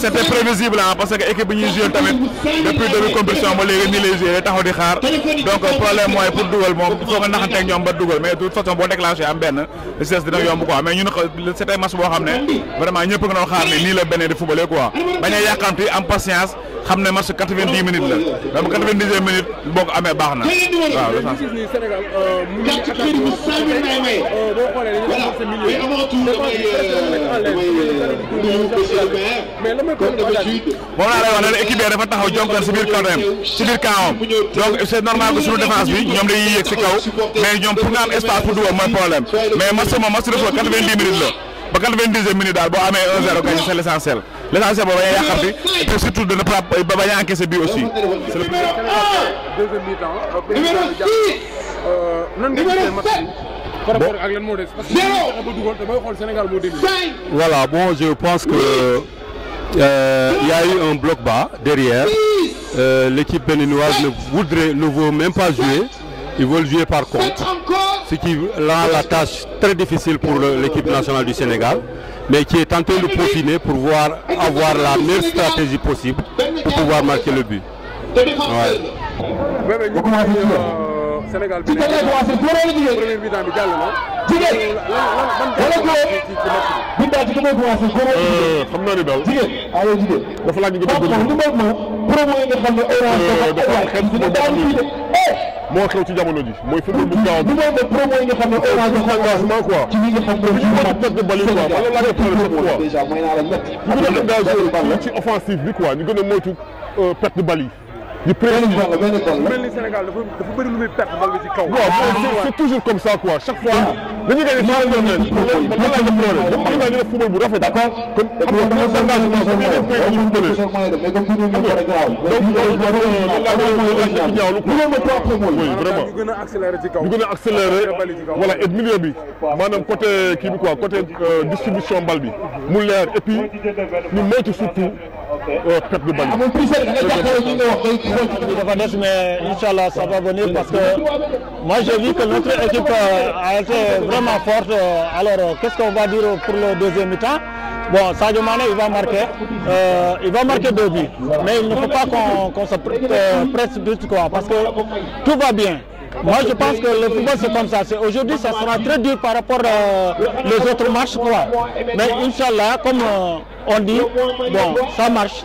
c'était prévisible ah parce que équipe bi ñuy jouer tamit depuis début compétition ba léegi nii lay joué taxaw di xaar donc problème moy pour dougal mom il faut nga naxanteeg ñoom ba dougal mais de toute façon bo déclencher am ben le geste dina yomb quoi mais ñun c'était match bo xamné vraiment ñepp nga doon xaar ni ni la benn di footballé quoi bañ a am patience xam ne match quatre-vingt-dix minutes la donc quatre-vingt-dix minutes boo euh amee baax na waaw le sens. Euh, euh, mais comme d'habitude moom laa lay wax ne la équipe dafa taxaw jonkoon si biir kawam si biir kawam donc c' normal que suñu défense bi ñoom dañuy yéeg si kaw mais ñoom pour nga espace pour dugal mooy problème mais match moom match de 90 minutes là. ba 90e minute daal boo amee 1-0 c'est l'essentiel. L'essentiel, l' essentiel l' a yàqati et surtout de ne pas euh, ba bañ a bi aussi. c' est le premier deuxième mi-temps euh, Bon. Voilà, bon, je pense que il euh, y a eu un bloc bas derrière. Euh, l'équipe béninoise ne, voudrait, ne veut même pas jouer. Ils veulent jouer par contre. Ce qui rend la tâche très difficile pour l'équipe nationale du Sénégal, mais qui est tenté de profiter pour voir, avoir la meilleure stratégie possible pour pouvoir marquer le but. jigéen wala góor bi daal ci dama commencé góor xam naa ne daal jigéen ayoo jigéen dafa laaj nga dugg lu ma ma promo yi nga xam ne orange eh, dafa xew ci eh. moo xew ci jamono ji mooy football bu gaaw bi ma promo yi nga xam ne eh, orange dafa engagement quoi ci li nga xam ne bali quoi wala la def quoi déjà mooy naa la ñu gën a engagé ci offensive bi quoi ñu gën a moytu euh, perte de balle yi c'est toujours comme ça quoi chaque fois. football d'accord. voilà et côté côté distribution bal bi et puis nous mettons surtout peuple de ah, hein. Mais Inch'Allah, ça va venir parce que moi j'ai vu que notre équipe euh, a été vraiment forte. Euh, alors euh, qu'est-ce qu'on va dire pour le deuxième temps Bon, Sadio Mane, il va marquer, il va marquer deux buts, mais il ne faut pas qu'on se précipite, quoi, parce que tout va bien. Moi, je pense que le football, c'est comme ça. Aujourd'hui, ça sera très dur par rapport aux autres matchs, quoi. Mais Inch'Allah, comme... on dit, bon, ça marche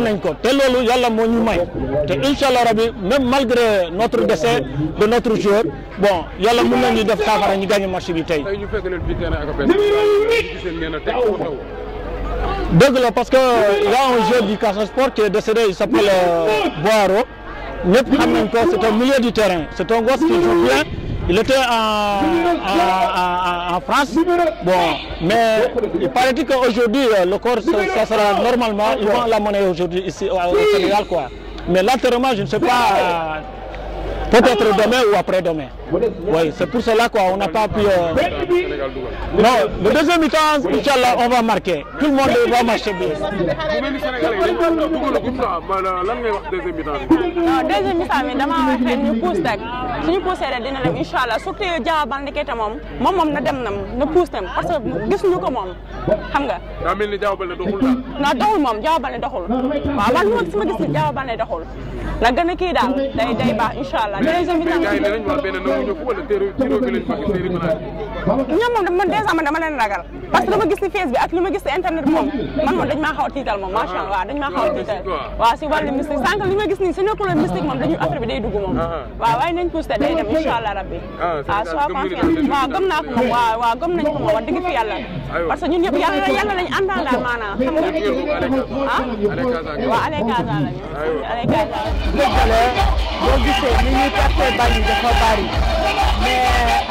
am y ko te loolu yàlla moo ñu may même malgré notre décès de notre joueur bon yàlla mën nañu def saafara ñu gagné match bi tey. dëgg la parce que y a un joueur du Casa Sport qui est décédé il s'appelle euh, Boaro ñëpp xam ko c'est un milieu du terrain c'est un gosse qui joue bien. Il était en, France. Bon, mais il paraît qu'aujourd'hui, le corps, ça, sera normalement, ils vont la monnaie aujourd'hui ici au, Sénégal. Quoi. Mais l'enterrement, je ne sais pas. Peut-être demain ou après-demain. Oui, c'est pour cela qu'on n'a pas pu... Non, le deuxième mi-temps, on va marquer. Tout le monde va marcher bien. Deuxième mi-temps, deuxième mi-temps, suñu poussé rek dina dem incha allah surtout Diawa Bal ndekete moom moom moom na dem na na pousse tam parce que gisuñu ko moom xam nga. daa mel ni Diawa Bal doxul daal. na gën a kii daal day day baax incha a. ñoom moom man dèjà man leen ragal parce que dama gis si face ak lu ma gis si internet bi moom man moom dañu maa a tiital a tiital ah, waaw bi day dugg moom ah, ah. waaw waaye nañ pousse te day dem incha allah rabbi ah, ah sois confiant waaw gëm moom waaw waaw gëm nañ moom wax dëgg yàlla parce yàlla yàlla lañ àndal daal maanaam xam nga ah waaw ale Gaza lañ ale Gaza lañ boo gisee ni ñuy partee bal yi dafa bari mais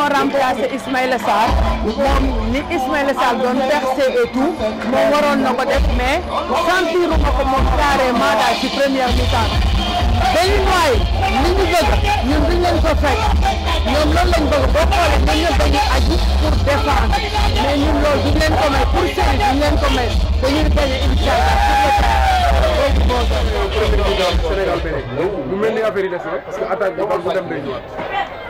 ont remplacé Ismaël Sarr ni Ismaël Sarr doon percé et tout moom waroon na ko def mais un peu mon carré mada ci première mi-temps dañu nooy li bëgg ñun duñ leen ko fekk ñoom loolu lañ bëgg boo xoolee ñun ñëpp aju pour défendre mais ñun loolu duñ leen ko may pour série duñ leen ko may dañuy bañ a lu mel ni affaire yi des na parce que attaque bi bu dem day ñëwaat.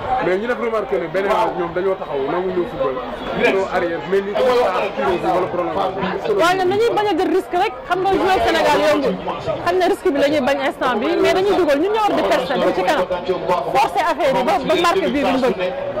mais ñu def remarque ne beneen ñoo bañ a jël risque rek xam nga joué Sénégal yombul xam ne risque bi la bañ instant bi mais dañuy dugal ñun ñoo war di tester bu ci kanam forcer affaire ba ba marqué bii duñ bëgg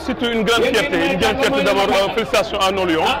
c'est une grande fierté, une grande fierté d'avoir euh, félicitations à nos lions. Ah.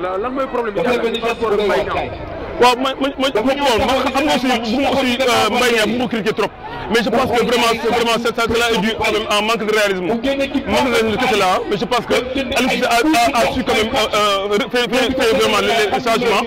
problème bon euh, mais je pense que vraiment vraiment là est dû à un manque de réalisme mais je pense que le a su quand euh, euh, vraiment les changements.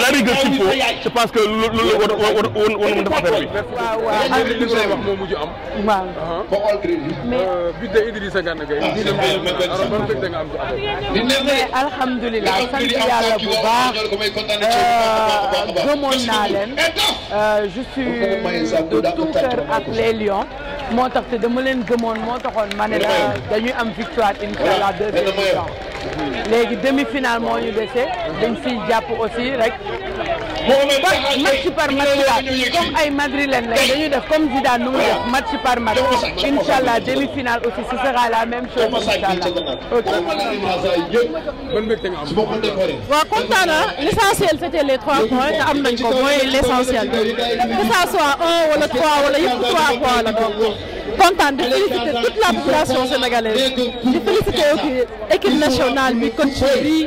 la rigueur qu'il faut je pense que loolu war woon woon mun def affaire bi. waaw waaw li ngay wax moo mujj am. waaw ba xool crédit. mais bi de Idrissa Gana Gueye. ah c'est vrai man benn nga am ci affaire bi. mais alhamdulilah sant yàlla bu baax gëmoon naa leen. je suis de tout cœur ak les lions. moo tax te dama leen gëmoon moo taxoon ma ne la dañuy am victoire incha allah deux léegi demi-finale moo ñu dese dañ siy jàpp aussi rek match par match la comme ay madrilène lañ dañuy def comme Zidane nu mu par match la même chose incha allah. ok. waaw kontaan na l'essentiel c'était les trois points te am nañ ko mooy l'essentiel trois wala yëpp trois points la kontaan di féliciter toute la population sénégalaise di féliciter aussi équipe nationale bi coach bi.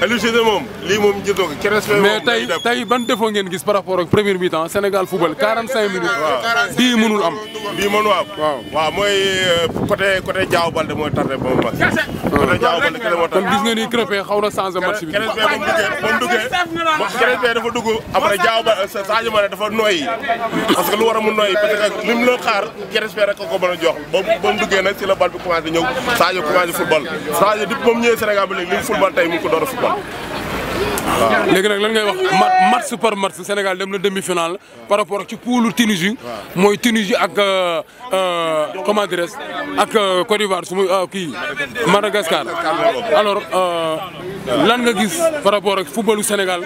Aliou Cissé moom lii moom jëndoo ko ci respect ban défaut gis par rapport ak première mi-temps Sénégal football 45 waaw bii mënul am. bii mënul am waaw. mooy côté côté Diao Balde mooy tardé ba mu match. côté Diao Balde keneen moo tardé. kon gis nga ni Krépin na changé match bi. Krépin ba mu duggee duggee Krépin dafa dugg après Diao Balde Sadio Mané a mu noyyi ko mën a jox ba mu ba mu duggee nag bal bi commencé ñëw Sadio commencé ko door a Bom. waaw léegi lan match par match Sénégal dans la demi-finale par rapport à ci poulu Tunisie mooy Tunisie ak euh, euh, comment dire ak euh, Côte d'Ivoire Madagascar alors lan nga gis par rapport football au Sénégal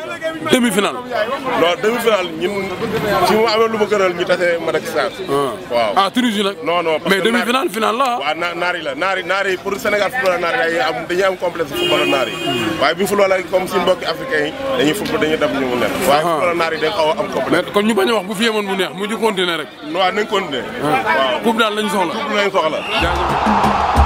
demi-finale. non demi-finale ñun si mu amee lu ma gënal ñu Madagascar. ah, ah Tunisie non non mais demi-finale finale là Oui, Nari Nari, naari la naari naari pour Sénégal football naari dañuy am dañuy am complexe football naari waaye bi football comme si Afrique. américain yi dañuy football dañuy dab ñu mu neex waaye football naar yi dañ xaw a am complexe kon ñu bañ a wax bu fi yemoon mu neex mu di continuer rek waaw nañ continuer ah. waaw coupe daal lañ soxla coupe lañ soxla